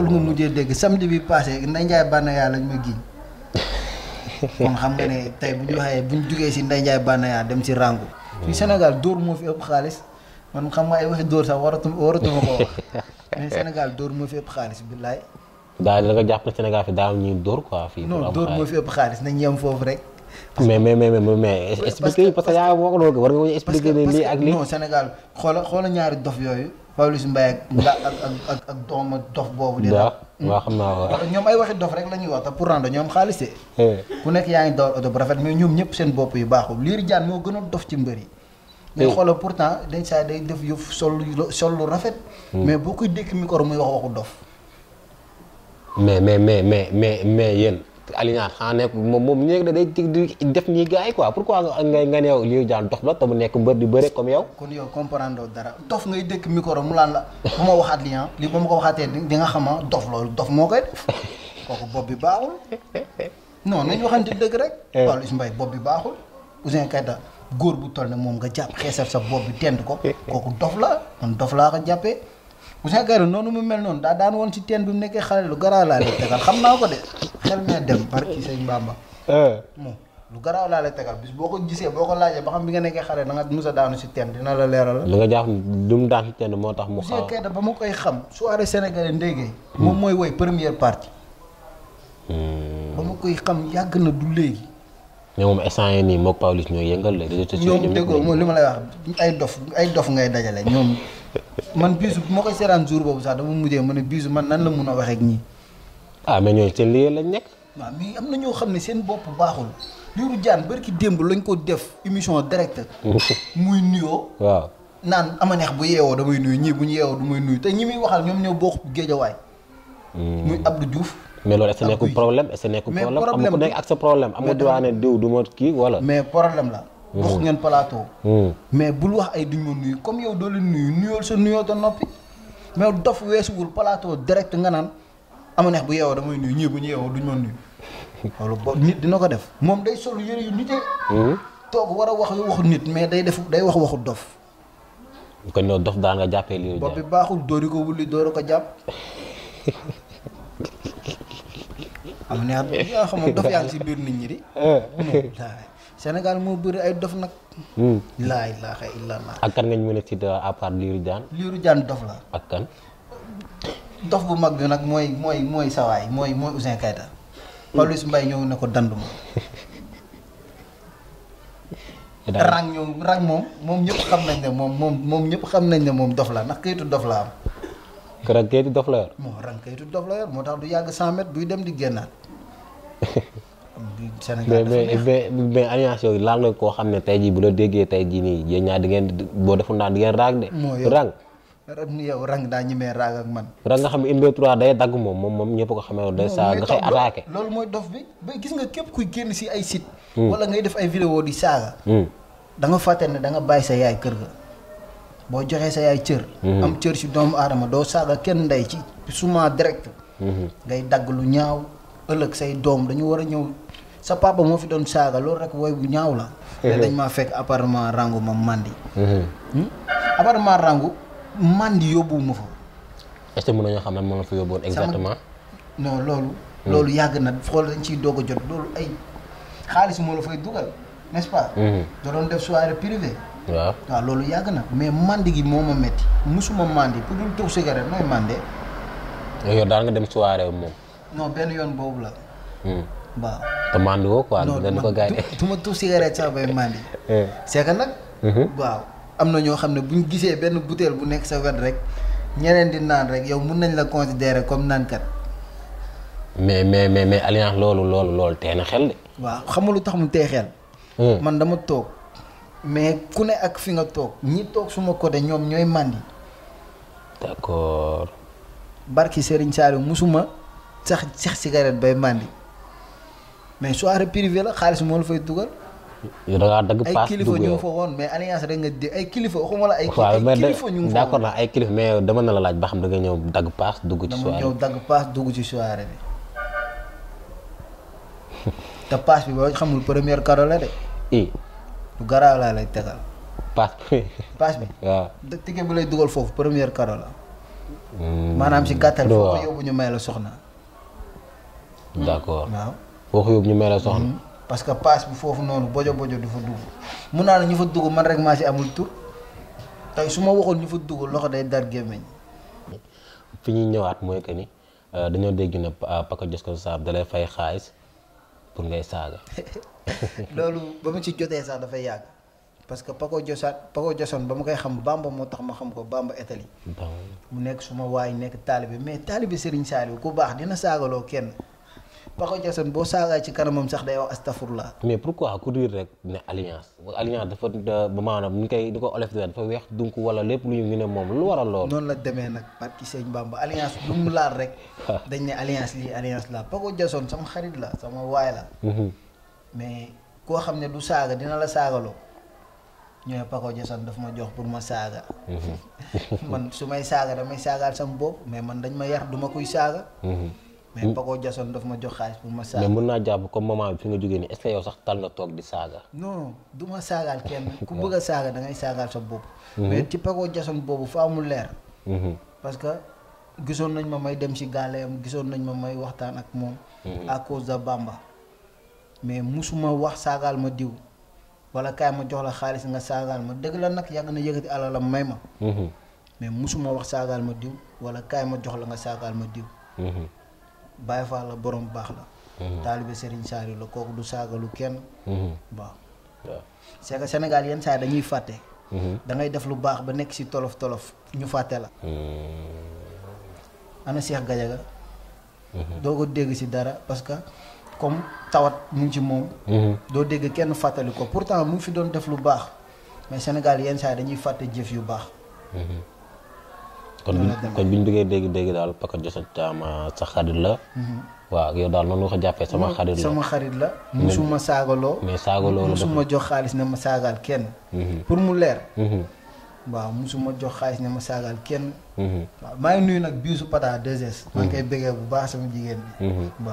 loolu nga mujjee dégg samedi bi passé Ndeye Ndiaye Banaya lañ ma giñ kon xam nga ne tey bu ñu waxee bu ñu jugee si Ndeye Ndiaye Banaya dem si Rangou. fii Sénégal dóor moo fi ëpp xaalis man xam nga ay waxi dóor sax waratu waratuma ko wax mais moo fi ëpp xaalis billaay. daal la nga jàpp ne Sénégal fi daaw ñuy dóor quoi. fii pour am non dóor moo fi ëpp xaalis nañ yem foofu rek. mais mais mais expliquer parce que yaa wax loolu war nga ko expliquer. lii ak lii non Sénégal xoola xoola ñaari dof yooyu. Pawlish Mbaye ak nda ak ak ak dooma dof boobu. de la waaw hmm. xam naa waaw. ñoom ay waxi dof rek la ñuy wax te pourtant dañoo am xaalis eh. ku nekk yaa ngi dawal oto rafet mais ñoom ñëpp seen bopp yu baaxul Lirou Diane moo gën a dof ci mbër yi. mais eh. pour pourtant dañ saa day def yëf sol sol lu rafet. Hmm. mais boo koy dékk micro muy wax waxu dof. mais mais mais mais mais yéen. alinar xanaa nekk moom moom ñeeg da day def nii gars yi quoi pourquoi nga nga ne yow Liru Jaan dof la te mu nekk mbër di bëre comme yow kon yow comprendre dara dof ngay dëkk micro mu laan la bu ma waxaat li ah, li ba ma ko waxaatee di nga xam ah, dof loolu dof moo koy def kooku bopp bi baaxul non nañ waxante dëgg rek Pawlish eh. Mbaye góor bu toll ne moom nga jàpp xeesal sa bopp bi tent ko kooku dof la man dof laa ko jàppee Ouzin noonu mu mel noonu daa daan woon si teen bi mu nekkee xale lu garaa laa lay tegal xam naa ko de xel mee dem barki sëñ Bamba eh. moom lu garaaw laa lay tegal bis boo ko gisee boo ko laajee ba xam bi nga nekkee xale da nga musa daanu si teen dina la leeral li nga jaax du mu daan si teen moo tax mu xaw kay da ba ma koy xam soirée sénégalais ndéggéey moom mooy woy première partie hmm. ma koy xam yàgg na du léegi mais moom instant yii nii moog Pawlish ñooy yëngal la réseaux sociaux ñoom déggoo moom li ma lay wax ay dof ay dof ngay dajale ñoom man biisu bu ma koy seetaan jour boobu sax mu mujjee ma ne biisu man nan la mun a waxee ak ñii ah mais ñooñu seen ñoo xam ne seen bopp baaxul Lirou Diane barki démb lañ ko def émission directe. muy nuyoo. waaw naan ama neex bu yeewoo damay nuyu ñii bu ñu yeewoo du nuyu te ñi muy waxal ñoom ñoo bokk géejawaay. Hmm. muy Abdou Diouf. mais loolu est-ce nekkul problème est-ce nekkul problème am ku nekk ak sa problème am nga diwaane diw du ma kii wala. la. Hmm. bokk ngeen plateau. Hmm. mais bul wax ay duñ ma nuyu comme yow doo nuyu nuyool sa nuyoo te noppi mais dof weesuwul plateau direct nga naan. ama neex bu yeewoo damay nuyu ñii bu ñu yeewoo duñ nuyu loolu bo nit dina ko def moom day sol yëre yu nitee hmm? toog war a wax waxu nit mais day def day wax waxu dof kon loolu dof daan nga jàppee lii bi baaxul dóori ko wulli dóori ko jàpp am neex yaa xam dof yaa ngi si biir nit ñi di eh. Sénégal moo bëri ay dof nag hmm. laa ilaaha illallaah ak kan nga ñu mën a tudd à part Lirou Diane Lirou dof la ak dox bu mag bi nag mooy mooy mooy sawaay mooy mooy Ouzin Keita. Pawlish Mbaye ñëw na ko danduma. rang ñoom rang moom moom xam nañ ne moom moom moom ñëpp xam nañ ne moom dof la ndax kayitu dof la am. que rang kayitu dof la yor. moo tax du yàgg 100 mètres buy dem di génnaat. Sénégal mais mais mais alliance yooyu laal na koo xam ne tey jii bu la déggee tey jii nii yéen ñaar di ngeen boo defu naan di ngeen rang de. rang. yow rang daa ñemee raag ak man. rang nga xam ne mb day dagg moom moom moom ñëpp ko xamee day saa nga xëy attaqué. loolu mooy dof bi ba gis nga képp kuy génn si ay site. Hmm. wala ngay def ay vidéo di saaga. Hmm. da nga fàtte ne da bàyyi sa yaay kër ga. boo joxee sa yaay cër. Hmm. am cër si doomu aadama doo saaga kenn ndey ci souvent direct. ngay dagg lu ñaaw ëllëg say doom dañu war a ñëw sa papa moo fi doon saaga loolu rek woy bu ñaaw la. te dañ maa fekk appartement rangu màndi yóbbuwuma fa. est-ce que mën moo la fa yóbbuwoon exactement. non loolu. Hmm. loolu yàgg na xool dañ ciy doog a jot loolu ay xaalis moo la fay dugal n'est-ce pas. Hmm. def soirée privée. waaw waaw loolu yàgg na mais màndi gi moo ma métti musuma màndi pour dul tux cigarette nooy màndee. yow daal nga dem soirée moom. non benn yoon boobu la. Hmm. waaw te màndi woo quoi. non du ma tux cigarette sax bay màndi. c'est nag. waaw. am na ñoo xam ne buñ gisee benn bouteille bu nekk sa wet rek ñeneen di naan rek yow mun nañ la considérer comme naankat. mais mais mais mais alliance loolu loolu loolu tee na xel de. waaw xam nga lu tax mu tee xel. Hmm. man dama toog mais ku ne ak fi nga toog ñi toog suma côté ñoom ñooy màndi. d'accord. barki Serigne Saliou musuma sax sax cigarette bay màndi mais soirée privée la xaalis moo la fay dugal. yow da ngaa dagg paas dugg yow ay kilifa ñu fa woon mais ñu fa d'accord na ay kilifa mais la laaj ba xam da nga ñëw dagg paas dagg paas dugg ci soirée bi. te paas bi ba xamul première cadeau la de. lu garaaw laa lay tegal. paas bi. waaw. ticket bi lay dugal foofu première cadeau hmm. maanaam si gàttal. waaw yóbbu ñu may la soxna. d'accord. waaw foo yóbbu ñu may la soxna. Hmm. parce que paas bi foofu noonu bojo bojo du fa dugg mun naa ne ñu fa dugg man rek maa si amul tur tey su ma waxoon ñu fa dugg loxo day dar gémmiñ fi ñuy ñëwaat mooy que ni euh, dañoo dégg ne euh, Paka Josko Sarr da lay fay xaalis pour ngay saaga. ba mu ci jotee sax dafay yàgg parce que Paka Josaat Paka Josoon ba ma koy xam Bamba moo tax ma xam ko Bamba Itali mu nekk suma waay nekk taalibe mais taalibe Serigne Saliou ku baax dina saagaloo kenn. Paco Jackson boo saagaa ci kanamam sax day wax astafurlah. mais pourquoi courir rek ne alliance alliance dafa ba maanaam koy di ko olef dafa weex donc wala lépp lu ñu ne moom lu waral lool. noonu la demee nag barki Sëñ Bamba alliance lu mu laal rek. dañ ne alliance lii alliance la Paco Jackson sama xarit la sama waay la. Mhm. mais koo xam ne du saaga dina la saagaloo. ñooy Paco Jackson daf ma jox pour ma saaga. Mhm. man su may saaga damay saagaal sama bopp mais man dañ ma yar duma kuy saaga. Mhm. mais Paco Jason daf ma jox xaalis bu ma saaga. mais naa jàpp comme moment bi fi nga jógee nii est-ce que na toog di saaga. non du ma saagaal kenn ku bëgg a saaga da ngay saagaal sa bopp. Mhm. mais ci Paco Jason boobu faa mhm. parce que gisoon nañ ma may dem si gaaleem gisoon nañ ma may waxtaan ak moom. Mhm. à cause de mais musuma wax saagaal ma diw wala kaay ma jox la xaalis nga saagaal ma dëgg la nag yàgg na yëkkati alalam may ma. mais musuma wax saagaal ma diw wala kaay ma jox la nga saagaal ma diw. Baye Fall la borom baax la. Mhm. taalibe Serigne Saliou la kooku du saagalu kenn. Mhm. waaw c'est yenn saa dañuy fàtte. Mhm. dangay def lu baax ba nekk ci tolof tolof ñu fàtte la. ana Cheikh Gadiaga. doo ko dégg ci dara parce que comme tawat mu ngi ci moom. doo dégg kenn fàttali ko pourtant mu ngi fi doon def lu baax mais Sénégal yenn saa dañuy fàtte jëf yu baax. kon kon bi ñu bëggee dégg-dégg daal Paka sa Thiam sa xarit la. Mhm. waaw yow daal noonu nga ko jàppee sama xarit la sama xarit la. musuma saagaloo. mais saagaloo la musuma jox xaalis ne ma saagaal kenn. Mhm. pour mu leer. Mhm. waaw musuma jox xaalis ne ma saagaal kenn. maa ngi nuyu nag biisu Pata 2S. maa ngi koy bëggee bu baax sama jigéen bi.